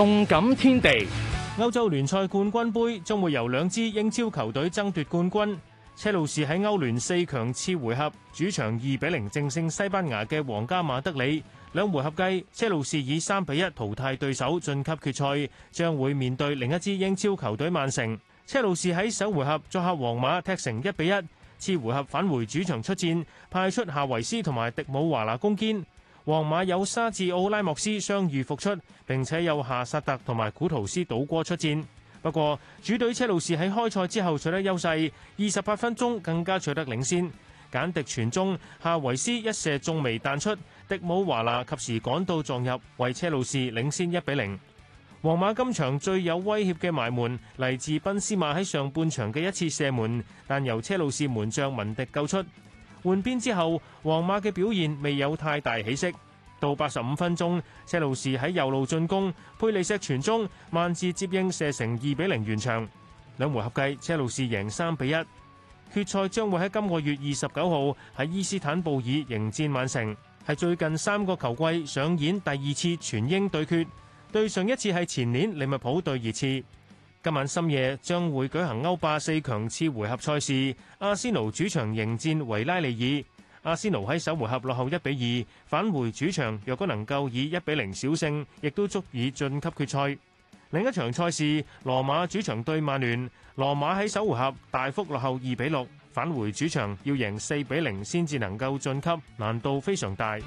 動感天地，歐洲聯賽冠軍盃將會由兩支英超球隊爭奪冠軍。車路士喺歐聯四強次回合，主場二比零淨勝西班牙嘅皇家馬德里，兩回合計，車路士以三比一淘汰對手晉級決賽，將會面對另一支英超球隊曼城。車路士喺首回合作客皇馬踢成一比一，次回合返回主場出戰，派出夏維斯同埋迪姆華拿攻堅。皇馬有沙治奧拉莫斯傷愈復出，並且有夏薩特同埋古圖斯倒戈出戰。不過主隊車路士喺開賽之後取得優勢，二十八分鐘更加取得領先。簡迪傳中，夏維斯一射中楣彈出，迪姆華拿及時趕到撞入，為車路士領先一比零。皇馬今場最有威脅嘅埋門嚟自賓斯馬喺上半場嘅一次射門，但由車路士門將文迪救出。換邊之後，皇馬嘅表現未有太大起色。到八十五分鐘，車路士喺右路進攻，佩利錫傳中，曼治接應射成二比零完場。兩回合計，車路士贏三比一。決賽將會喺今個月二十九號喺伊斯坦布爾迎戰曼城，係最近三個球季上演第二次全英對決，對上一次係前年利物浦對熱刺。今晚深夜將會舉行歐霸四強次回合賽事，阿仙奴主場迎戰維拉利爾。阿仙奴喺首回合落後一比二，返回主場若果能夠以一比零小勝，亦都足以晉級決賽。另一場賽事，羅馬主場對曼聯，羅馬喺首回合大幅落後二比六，返回主場要贏四比零先至能夠晉級，難度非常大。